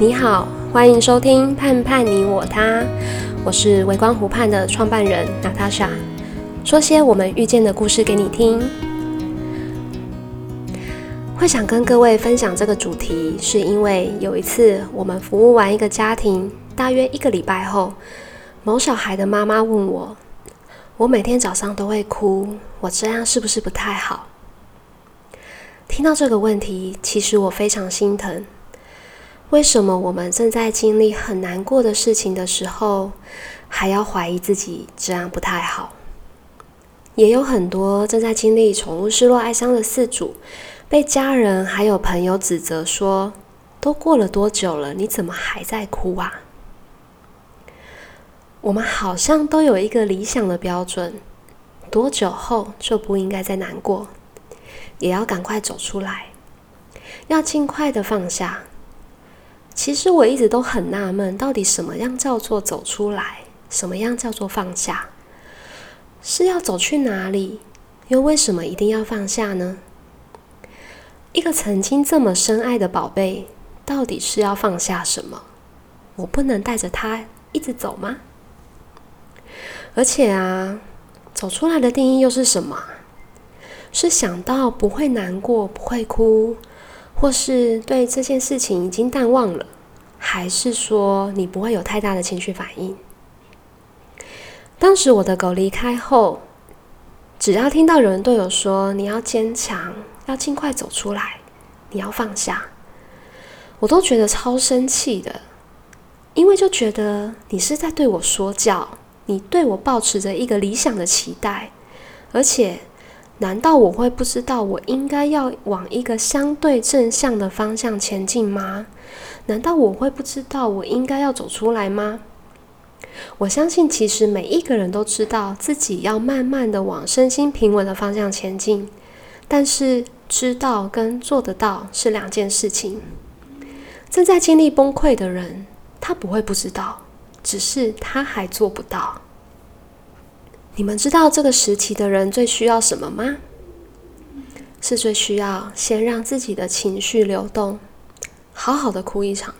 你好，歡迎收聽《盼盼你我他》，我是微光湖盼的創辦人娜塔莎，說些我們遇見的故事給你聽。會想跟各位分享這個主題，是因為有一次我們服務完一個家庭，大約一個禮拜後，毛小孩的媽媽問我：“我每天早上都會哭，我這樣是不是不太好？”聽到這個問題，其實我非常心疼。為什麼我們正在經歷很難過的事情的時候，還要懷疑自己這樣不太好？也有很多正在經歷寵物失落哀傷的飼主，被家人還有朋友指責說：“都過了多久了？你怎麼還在哭啊？”我們好像都有一個理想的標準：多久後就不應該再難過，也要趕快走出來，要盡快地放下。其實我一直都很納悶，到底什麼樣叫做走出來？什麼樣叫做放下？是要走去哪裡？又為什麼一定要放下呢？一個曾經這麼深愛的寶貝，到底是要放下什麼？我不能帶着他一直走嗎？而且啊，走出來的定義又是什麼？是想到不會難過，不會哭？或是對這件事情已經淡忘了，還是說你不會有太大的情緒反應？當時我的狗離開後，只要聽到有人對我說“你要堅強，要盡快走出來，你要放下”，我都覺得超生氣的，因為就覺得你是在對我說教，你對我抱持着一個理想的期待，而且。難道我會不知道我應該要往一個相對正向的方向前進嗎？難道我會不知道我應該要走出來嗎？我相信，其實每一個人都知道自己要慢慢的往身心平穩的方向前進，但是知道跟做得到是兩件事情。正在經歷崩潰的人，他不會不知道，只是他還做不到。你們知道這個時期的人最需要什麼嗎？是最需要先讓自己的情緒流動，好好的哭一場，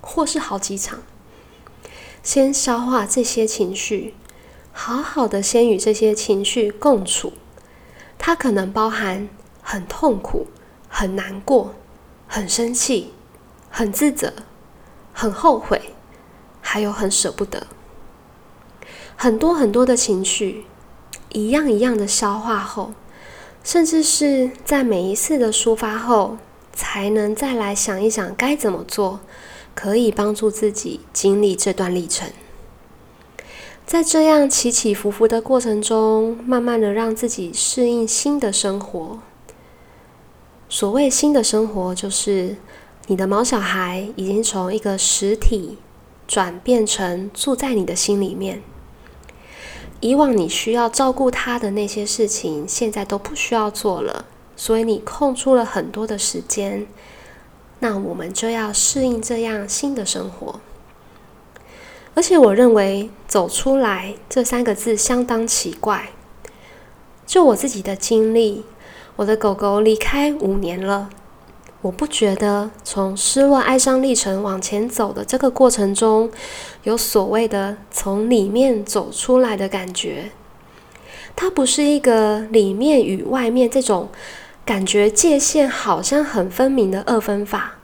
或是好幾場，先消化這些情緒，好好的先與這些情緒共處。它可能包含很痛苦、很難過、很生氣、很自責、很後悔，還有很舍不得。很多很多的情緒，一樣一樣的消化後，甚至是在每一次的抒發後，才能再來想一想該怎麼做，可以幫助自己經歷這段歷程。在這樣起起伏伏的過程中，慢慢的讓自己適應新的生活。所謂新的生活，就是你的毛小孩已經從一個實體轉變成住在你的心裡面。以往你需要照顧他的那些事情，現在都不需要做了，所以你空出了很多的時間，那我們就要適應這樣新的生活。而且我認為“走出來”這三個字相當奇怪，就我自己的經歷，我的狗狗離開五年了。我不覺得從失落、哀傷歷程往前走的這個過程中，有所謂的從裡面走出來的感覺。它不是一個裡面與外面這種感覺界限好像很分明的二分法。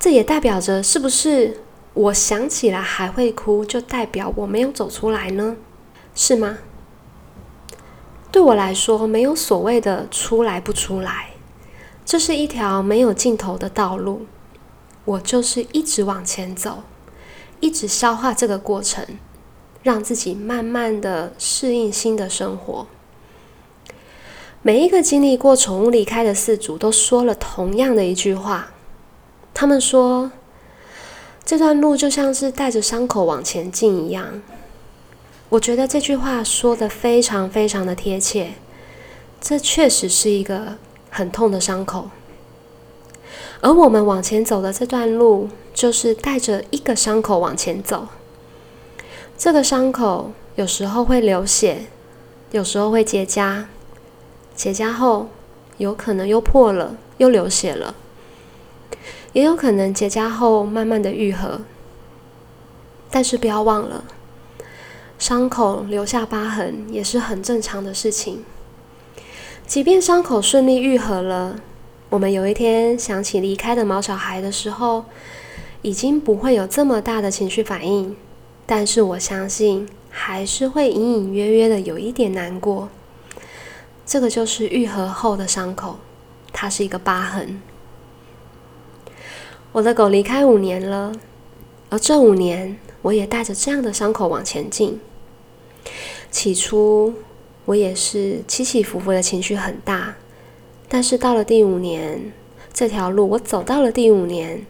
這也代表着是不是我想起來還會哭，就代表我沒有走出來呢？是嗎？對我來說，沒有所謂的出來不出來。這是一條沒有盡頭的道路，我就是一直往前走，一直消化這個過程，讓自己慢慢的適應新的生活。每一個經歷過寵物離開的飼主都說了同樣的一句話，他們說這段路就像是帶着傷口往前進一樣。我覺得這句話說得非常非常的貼切，這確實是一個。很痛的傷口，而我們往前走的這段路，就是帶着一個傷口往前走。這個傷口有時候會流血，有時候會結痂，結痂後有可能又破了，又流血了，也有可能結痂後慢慢的愈合。但是不要忘了，傷口留下疤痕也是很正常的事情。即便傷口順利癒合了，我們有一天想起離開的毛小孩的時候，已經不會有這麼大的情緒反應。但是我相信，還是會隱隱約約的有一點難過。這個就是癒合後的傷口，它是一個疤痕。我的狗離開五年了，而這五年，我也帶着這樣的傷口往前進。起初，我也是起起伏伏的情緒很大，但是到了第五年，這條路我走到了第五年。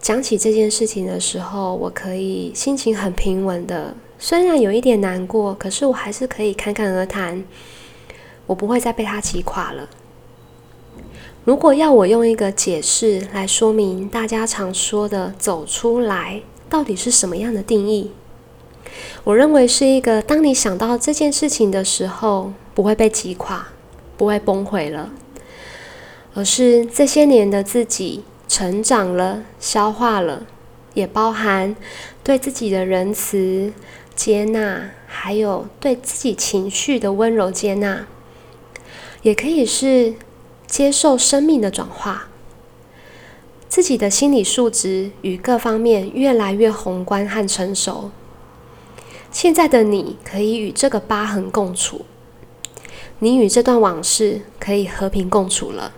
講起這件事情的時候，我可以心情很平穩的，雖然有一點難過，可是我還是可以侃侃而談。我不會再被他擊垮了。如果要我用一個解釋來說明大家常說的“走出來”到底是什麼樣的定義？我認為是一個，當你想到這件事情的時候，不會被擊垮，不會崩潰了，而是這些年的自己成長了，消化了，也包含對自己的仁慈、接納，還有對自己情緒的溫柔接納，也可以是接受生命的轉化，自己的心理素質與各方面越來越宏觀和成熟。現在的你可以與這個疤痕共處，你與這段往事可以和平共處了。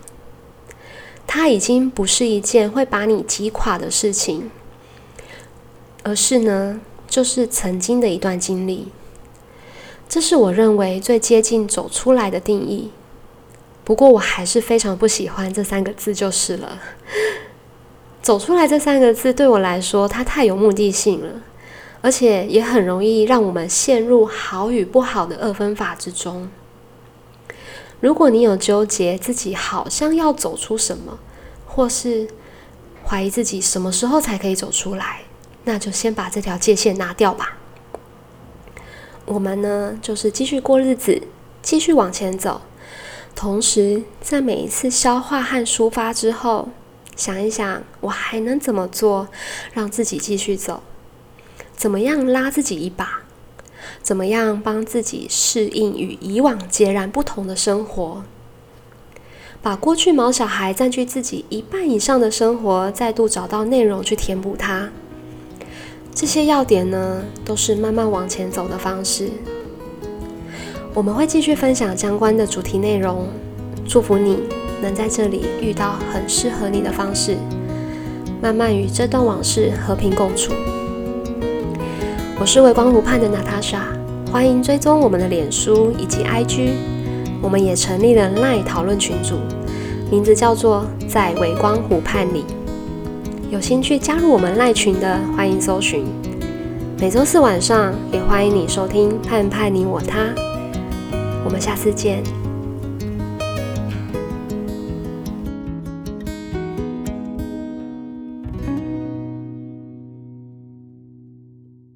它已經不是一件會把你擊垮的事情，而是呢，就是曾經的一段經歷。這是我認為最接近走出來的定義。不過，我還是非常不喜歡這三個字，就是了。走出來這三個字對我來說，它太有目的性了。而且也很容易讓我們陷入好與不好的二分法之中。如果你有糾結自己好像要走出什麼，或是懷疑自己什麼時候才可以走出來，那就先把這條界限拿掉吧。我們呢，就是繼續過日子，繼續往前走。同時，在每一次消化和抒發之後，想一想我還能怎麼做，讓自己繼續走。怎麼樣拉自己一把？怎麼樣幫自己適應與以往截然不同的生活？把過去毛小孩佔據自己一半以上的生活，再度找到內容去填補它。這些要點呢，都是慢慢往前走的方式。我們會繼續分享相關的主題內容，祝福你能在這裡遇到很適合你的方式，慢慢與這段往事和平共處。我是微光湖盼的娜塔莎，歡迎追蹤我們的臉書以及 IG，我們也成立了 Line 討論群組，名字叫做在微光湖盼裡。有興趣加入我們 Line 群的，歡迎搜尋。每周四晚上也歡迎你收聽《盼盼你我他》，我們下次見。